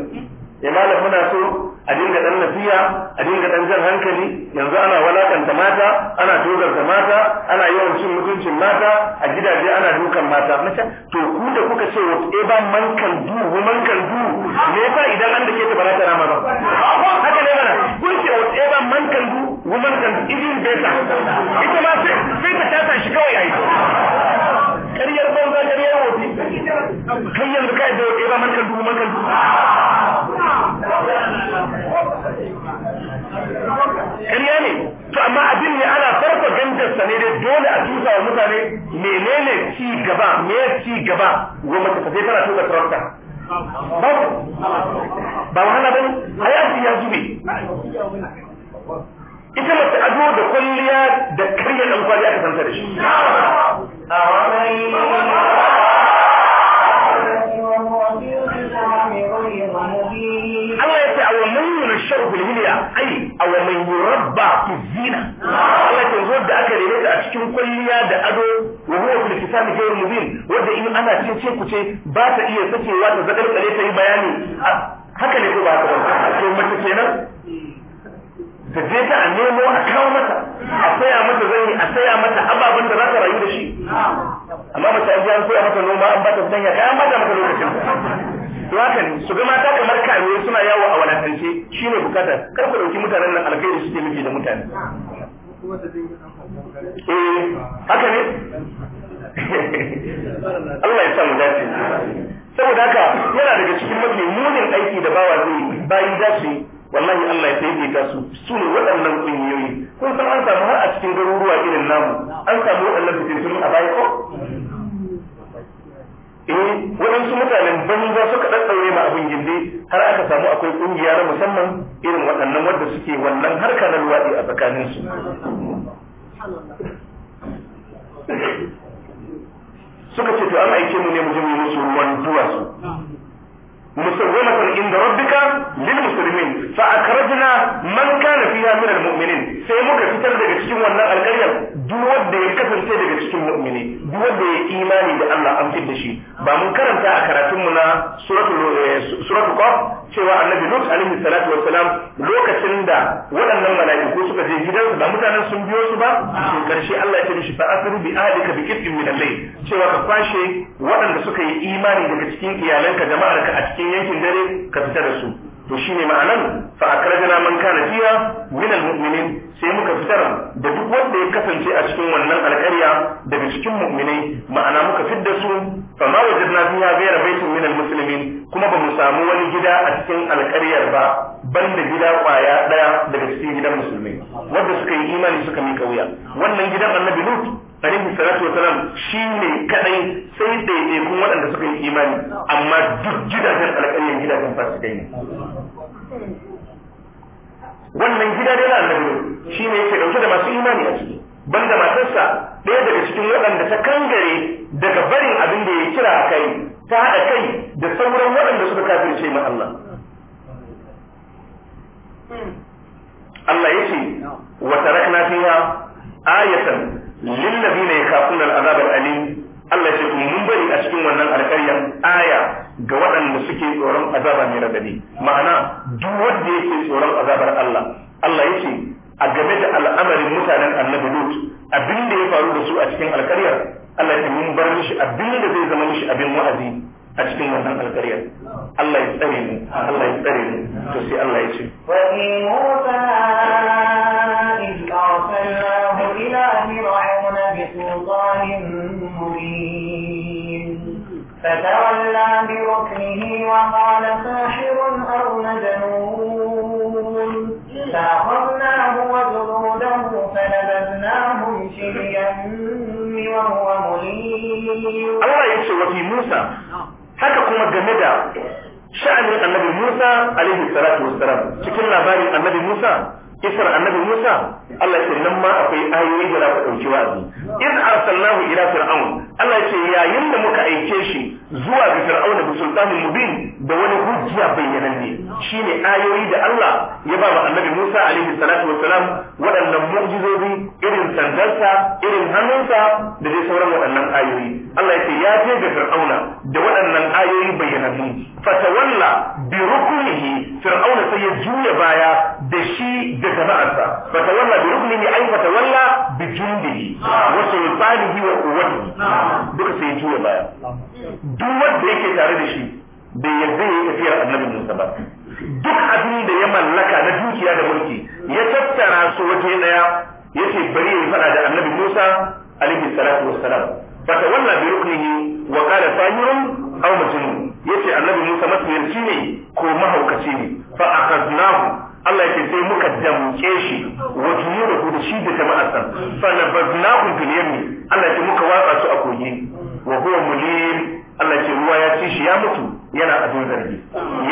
eh malam muna so a dinga dan nasiya a dinga dan jan hankali yanzu ana walakanta mata ana da mata ana yawan cin mutuncin mata a gidaje ana dukan mata mace to ku da kuka ce wa eba eh man kan du man kan du me fa idan an dake ta barata na ba haka ne mana ku ce wa eba eh man kan du man kan du idin beta ita ma sai sai ta tasa shi kawai ai ƙaryar banza ƙaryar wofi kai yanzu kai da wofi ba mankan dubu mankan dubu ƙarya ne to amma abin ne ana farko gangarsa ne dai dole a tusa wa mutane menene ci gaba me ci gaba wa mace ta tana tuka sarauta babu ba wahala bane hayati ya zube ita mace ado da kwalliya da karya ɗan kwaliya ta santa da shi aka daidaita a cikin kwalliya da ado wa huwa fil kitab ghayr mubin wanda in ana cikin ce kuce ba ta iya sakewa ta zakar kare ta yi bayani haka ne ko ba ta to mace kenan ta je ta a nemo a kawo mata a saya mata zai a saya mata ababen da za ta rayu da shi amma mace an ji an koya mata noma an ba ta sanya an ba ta mata lokacin ne su ga mata kamar karuwa suna yawo a wadatance shine bukata kar ku dauki mutanen nan alkhairi suke miki da mutane eh haka ne Allah ya sa mu dace saboda haka yana daga cikin mafi munin aiki da bawa zai bayi da su wallahi Allah ya daidaita su su ne waɗannan ƙungiyoyi kun san an samu har a cikin garuruwa irin namu an samu waɗannan fitintun a baya ko eh waɗansu mutanen banza suka ɗaɗɗaure ma abin gindi har aka samu akwai ƙungiya na musamman irin waɗannan wadda suke wannan harka na luwaɗi a tsakaninsu suka ce to an aike mu ne mu jimi musu ruwan duwatsu musawwamatan inda rabbika lil muslimin fa akhrajna man kana fiha min al mu'minin sai muka fitar daga cikin wannan alƙaryar duk wanda ya kasance daga cikin mu'mini duk wanda ya imani da Allah an fitar da shi ba mun karanta a karatun mu suratu eh, suratul qaf cewa annabi lut alaihi salatu wassalam lokacin da waɗannan mala'iku suka je gidansu ba mutanen sun biyo su ba to karshe Allah ya ce shi fa asiru bi ahlika bi qit'in min al-layl cewa ka kwashe waɗanda suka yi imani daga cikin iyalanka jama'arka a cikin yankin dare ka fita da su to shine ma'anan fa akrajna man kana fiha min almu'minin sai muka fitar da duk wanda ya kasance a cikin wannan alƙarya daga cikin mu'minai ma'ana muka fidda su fa ma wajadna fiya ghayra baitin min almuslimin kuma ba mu samu wani gida a cikin alƙaryar ba banda gida ƙwaya daya daga cikin gidan musulmi wanda suka yi imani suka mika wuya wannan gidan annabi lut alaihi salatu wasalam shi ne kadai sai daidaikun waɗanda suka yi imani amma duk gidajen alƙaryar gidajen fasikai ne wannan gida dai na annabi shi ne yake dauke da masu imani a ciki banda matarsa ɗaya daga cikin waɗanda ta kangare daga barin abin da ya kira a kai ta haɗa kai da sauran waɗanda suka kafirce ma Allah Allah yake wa tarakna fiha ayatan lil ladina yakhafuna al-azab al-alim Allah ce kuma mun bari a cikin wannan alƙaryar aya ga waɗanda suke tsoron azaba mai radadi ma'ana duk wanda yake tsoron azabar Allah Allah yake a game da al'amarin mutanen annabi Lut abin ya faru da su a cikin alƙaryar Allah ya mun bar mishi abin da zai zama mishi abin wa'azi a cikin wannan alƙaryar Allah ya tsare mu Allah ya tsare mu to sai Allah ya ce wa in musa iz بسلطان مبين فتولى بركنه وقال ساحر أو مجنون فأخذناه وجنوده فنبذناهم في اليم وهو مليم الله يسوى في موسى حتى kuma game شأن النبي موسى عليه الصلاة والسلام شكرا cikin النبي موسى kisar annabi Musa Allah ya ce nan ma akwai ayoyi da za ku ɗauki wa'azi in arsalnahu ila fir'aun Allah ce yayin da muka aike shi zuwa ga Fir'auna bi sultanin mubin da wani hujja bayyananne shine ayoyi da Allah ya ba wa Annabi Musa alaihi salatu wassalam waɗannan mu'jizozi irin sandarsa irin hannunsa da dai sauran waɗannan ayoyi Allah ya ce ya je ga Fir'auna da waɗannan ayoyi bayyanannu fatawalla bi rukunihi Fir'auna sai ya juya baya da shi da jama'arsa fatawalla bi rukunihi ay fatawalla bi jundihi wa sultanihi wa quwwatihi duka sai juya baya duk wanda yake tare da shi bai yarda ya yi tafiyar annabi Musa ba duk abin da ya mallaka na dukiya da mulki ya tattara su waje daya yace bari ya faɗa da annabi Musa alaihi salatu wassalam wannan bi rukunihi wa qala sahirun aw majnun yace annabi Musa masiyarci ne ko mahaukaci ne fa akaznahu Allah yake sai muka damke shi wa tunuruhu da shi da jama'arsa fa nabadnahu bil yammi Allah yake muka watsa su a koyi. wa huwa mulim Allah yake ruwa ya ci shi ya mutu yana don zargi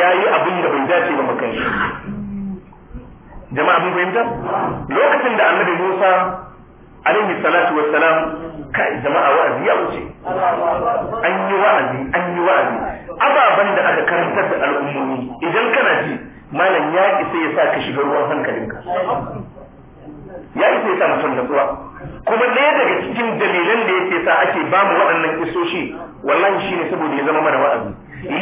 yayi abin da bai dace ba makan shi jama'a mun fahimta lokacin da annabi Musa alaihi salatu wa salam kai jama'a wa'azi ya wuce an yi wa'azi an yi wa'azi ababen da aka karantar da al'ummomi idan kana ji malam ya isa ya sa ka shiga ruwan hankalinka ya isa ya sa mutum natsuwa kuma ɗaya daga cikin dalilan da yake sa ake ba mu waɗannan kisoshi wallahi shine saboda ya zama mana wa'azi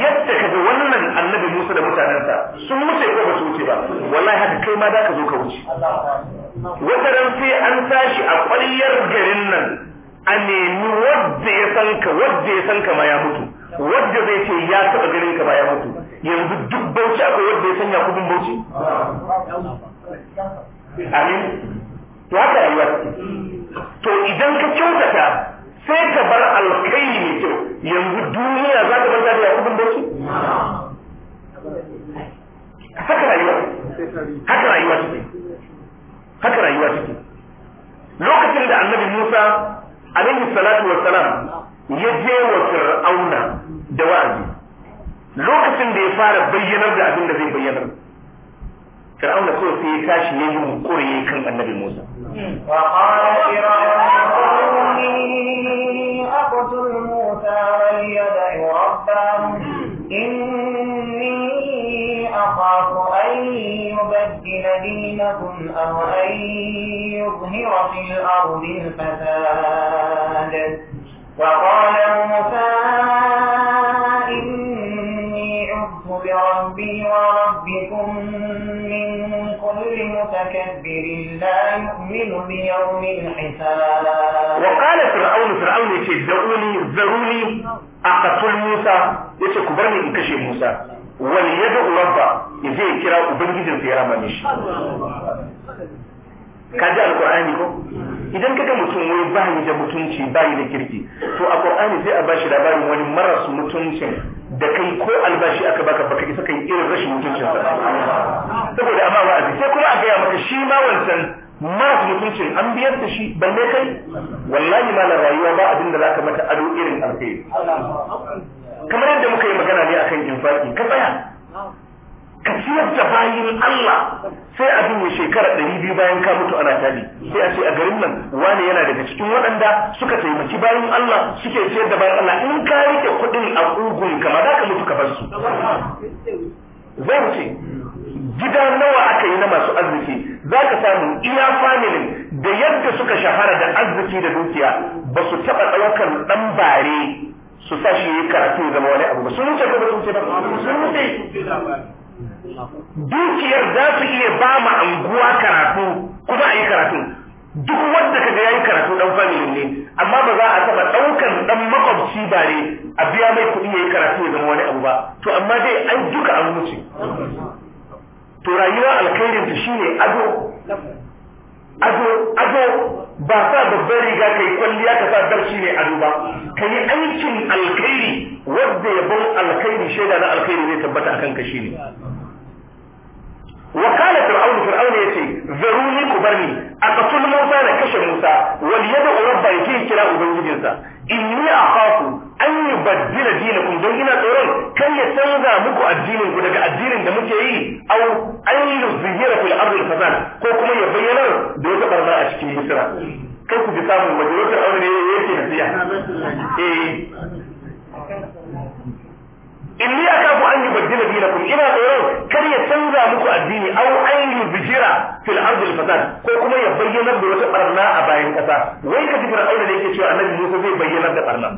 yadda ka ga wannan annabi Musa da mutanensa sun wuce ko ba su wuce ba wallahi haka kai ma za ka zo ka wuce wata ran sai an tashi a ƙwaryar garin nan a nemi wadda ya san ka wadda ya san ka ma ya mutu wadda zai ce ya taɓa garin ka ba ya mutu yanzu duk bauchi akwai wadda ya san ya kudin bauchi amin to haka rayuwa to idan ka kyautata sai ka bar Alkai mai kyau yanzu duniya za ka bar da ya kudin bauchi haka rayuwa haka rayuwa take haka rayuwa take lokacin da annabi Musa alaihi salatu wa salam ya je wa Fir'auna da wa'azi lokacin da ya fara bayyanar da abin da zai bayyana Fir'auna ko sai ya tashi ya yi mukuri kan annabi Musa wa يبدل دينهم أو أن يظهر في الأرض الفساد وقال موسى إني عبت بربي وربكم من كل متكبر لا يؤمن بيوم الحساب وقال فرعون فرعون يتدعوني ذروني أقتل موسى يتكبرني إن كشي موسى وليدعو ربه zai je ya kira ubangijinsa ya rama shi? ka ji alkur'ani ko idan kaga mutum wai bayi da mutunci bayi da kirki to a qur'ani sai a bashi labarin wani maras mutuncin da kai ko albashi aka baka baka isa kai irin rashin mutuncin sa saboda amma wa'azi sai kuma a gaya maka shi ma wancan maras mutuncin an biyar da shi balle kai wallahi ma na rayuwa ba abin da zaka mata ado irin alheri kamar yadda muka yi magana ne akan infaki ka tsaya ka ciyar bayin Allah sai a ya shekara ɗari biyu bayan ka mutu ana tali sai a ce a garin nan wani yana daga cikin waɗanda suka taimaki bayan Allah suke ciyar da bayan Allah in ka rike kuɗin a ƙugun ka za ka mutu ka bar su zan ce gida nawa aka yi na masu arziki za ka samu iya familin da yadda suka shahara da arziki da dukiya ba su taɓa ɗaukar ɗan bare su sa karatu ya zama wani abu ba sun wuce ko ba sun wuce ba sun wuce dukiyar za su iya ba ma anguwa karatu kuma a yi karatu duk wanda kaga yayi karatu dan family ne amma ba za a taba daukan dan makwabci ba ne a biya mai kuɗi yayi karatu ya zama wani abu ba to amma dai ai duka an wuce to rayuwa alkhairin ta shine ado ado ado ba sa babbar riga kai kwalliya ka sa darshi ne ado ba kai aikin alkhairi wanda yabon alkhairi shaida na alkhairi zai tabbata akan ka shine wa kana fir'aunu fir'aunu yace zaruni ku bar ni aqtul musa na kashe musa wal yad'u ya yake kira ubangijinsa a akhafu an yubaddila dinakum don ina tsoron kan ya canza muku addinin ku daga addinin da muke yi aw an yuzhira fil ardi fasad ko kuma ya bayyana da wata barna a cikin misra kai ku bi samun majalisar aure ne yake nasiya eh inni akafu an yubaddila dinakum ina tsoron kar ya canza muku addini au an yubjira fil ardi al fasad ko kuma ya bayyana da wata barna a bayan kasa wai ka ji fir'auna ne yake cewa annabi Musa zai bayyana da barna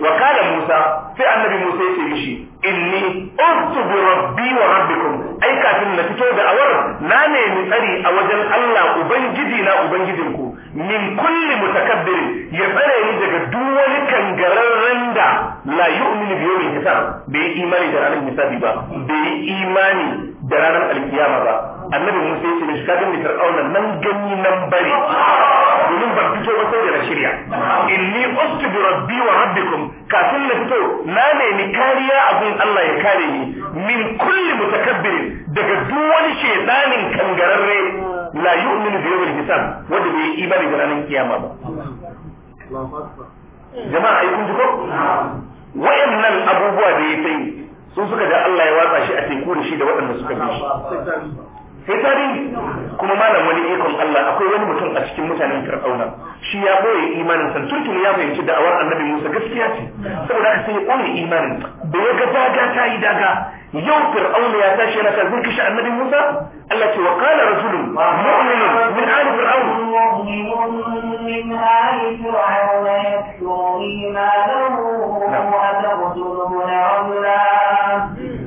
wa Musa sai annabi Musa ya ce mishi inni ustu bi rabbi wa rabbikum ai kafin na fito da awar na nemi tsari a wajen Allah ubangiji na ubangijinku min kulli mutakabbirin ya tsare ni daga duk wani kangararren da la yu'minu bi yawmil hisab bai imani da ranar hisabi ba bai imani da ranar alkiyama ba annabi musa ya ce mishi ka gani fir'auna nan gani nan bari domin ban fito ba sai da na shirya inni ustu rabbi wa rabbikum kafin na fito na nemi kariya abin Allah ya kare ni min kulli mutakabbirin daga duk wani shedanin kangararre la yu'minu bi yawmil hisab wanda bai imani da ranar kiyama ba jama'a ai kun ji ko wayannan abubuwa da ya sai sun suka ɗaiɗaiku da shi da waɗanda suka yi. shi sai tarihi kuma malam wani ikon Allah akwai wani mutum a cikin mutanen Fir'auna shi ya boye imanin san turkin ya fahimci da'awar Annabi Musa gaskiya ce saboda haka sai ya boye imanin da ya ga daga ta yi daga yau Fir'auna ya tashi yana kan zun kishi Annabi Musa Allah ce wa qala rasulun mu'minun min ali fir'auna. min ali wa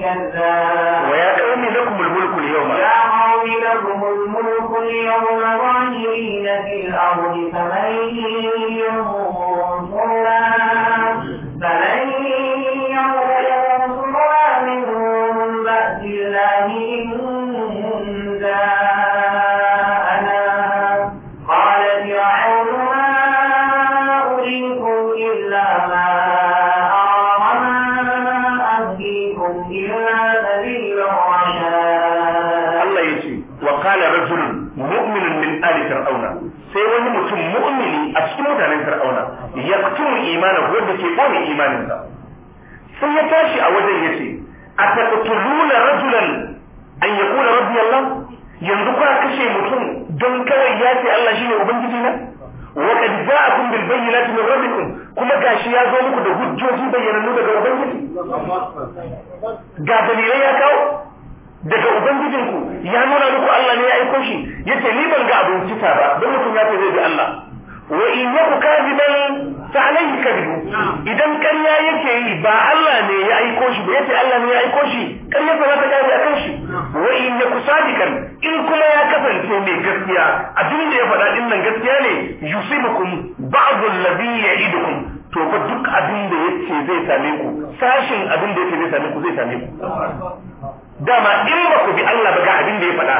كذاب ويا قوم لكم الملك اليوم يا قوم لكم الملك اليوم ظاهرين في الأرض فمن ينصرنا فمن ينصرنا من بأس الله إن min fir'auna sai wani mutum mu'mini a cikin mutanen fir'auna yaqtumu imanahu wanda ke imanin imaninsa sai ya tashi a wajen yace ataqtuluna rajulan an yaqula rabbi allah yanzu kuna kashe mutum don kawai ya ce Allah shine ubangiji na wa qad ja'akum bil bayyinati min rabbikum kuma gashi ya zo muku da hujjoji bayyanannu daga ubangiji ga dalilai ya kawo daga ubangijinku ya nuna muku Allah ne ya aiko shi yace ni ban ga abin cita ba dan mutum ya ce zai Allah wa in yaku kadiban fa alayhi kadibu idan ƙarya yake yi ba Allah ne ya aiko shi ba yace Allah ne ya aiko shi ƙarya ba ta kare akan shi wa in yaku sadikan in kuma ya kasance mai gaskiya abin da ya faɗa din nan gaskiya ne yusibukum ba'd alladhi ya'idukum to fa duk abin da yake zai same ku sashin abin da yake zai same ku zai same ku dama in ba ku bi Allah ba ga abin da ya faɗa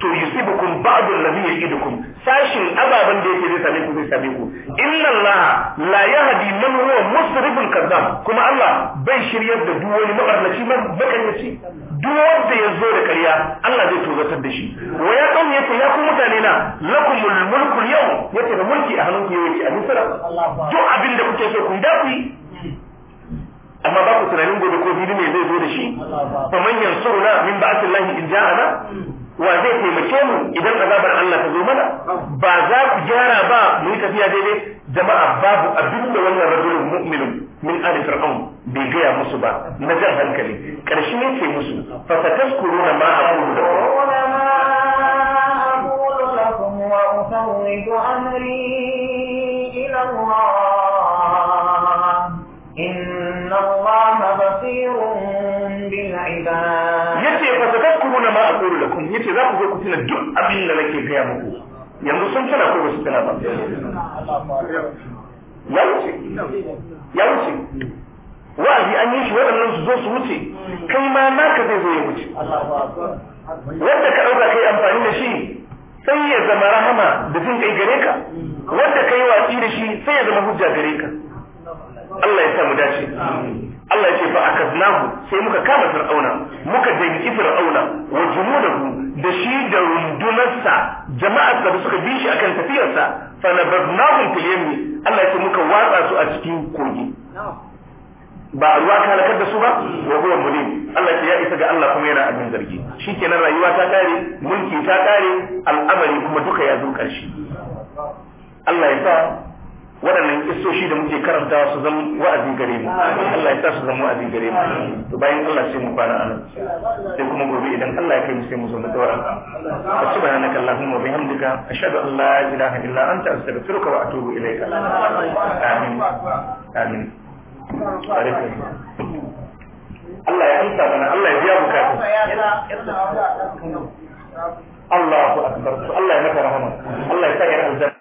to yusibukum ba'du allazi ya'idukum sashin ababan da yake zai same ku zai same ku inna Allah la yahdi man huwa musrifun kazzab kuma Allah bai shiryar da duk wani mabarnaci makanyaci duk wanda ya zo da ƙarya Allah zai tozatar da shi wa ya kan yace ya ku mutane na lakumul mulku yau yace da mulki a hannunku yau yace a misra duk abin da kuke so ku da ku yi amma ba ku tunanin gobe ko fili ne zai zo da shi fa man yansuruna min ba'athillahi in ja'ana wa zai taimake mu idan azabar Allah ta zo mana ba za ku gyara ba mu yi tafiya daidai jama'a babu abin da wannan rajulun mu'minun min ali fir'aun bai gaya musu ba na jan hankali karshe yake musu fa satazkuruna ma aqulu lakum wa amri ila Allah yace fa tafakkuruna ma aqulu lakum yace za ku zo ku tuna duk abin da nake gaya muku yanzu sun tana ko su tana ba ya wuce wa'azi an yi shi waɗannan su zo su wuce kai ma naka zai zo ya wuce wanda ka ɗauka kai amfani da shi sai ya zama rahama da jin kai gare ka wanda kai watsi da shi sai ya zama hujja gare ka Allah ya sa mu dace Allah ce fa akaznahu sai muka kama fir'auna muka danki fir'auna wa junudahu da shi da rundunarsa jama'ar da suka bi shi akan tafiyarsa fa nabadnahum fil yammi Allah ce muka watsa su a cikin kogi ba a ruwa ka da su ba wa huwa mulim Allah ce ya isa ga Allah kuma yana abin zargi shikenan rayuwa ta kare mulki ta kare al'amari kuma duka ya zo karshe Allah ya sa waɗannan isoshi da muke karanta su zama wa'azi gare mu Allah ya sa su zama wa'azi gare mu to bayan Allah sai mu fara anan sai kuma gobe idan Allah ya kai mu sai mu zo mu daura subhanaka allahumma wa bihamdika ashhadu an la ilaha illa anta astaghfiruka wa atubu ilayka amin amin Allah ya amsa mana Allah ya biya bukatu Allahu akbar Allah ya maka rahama Allah ya sa ya aljanna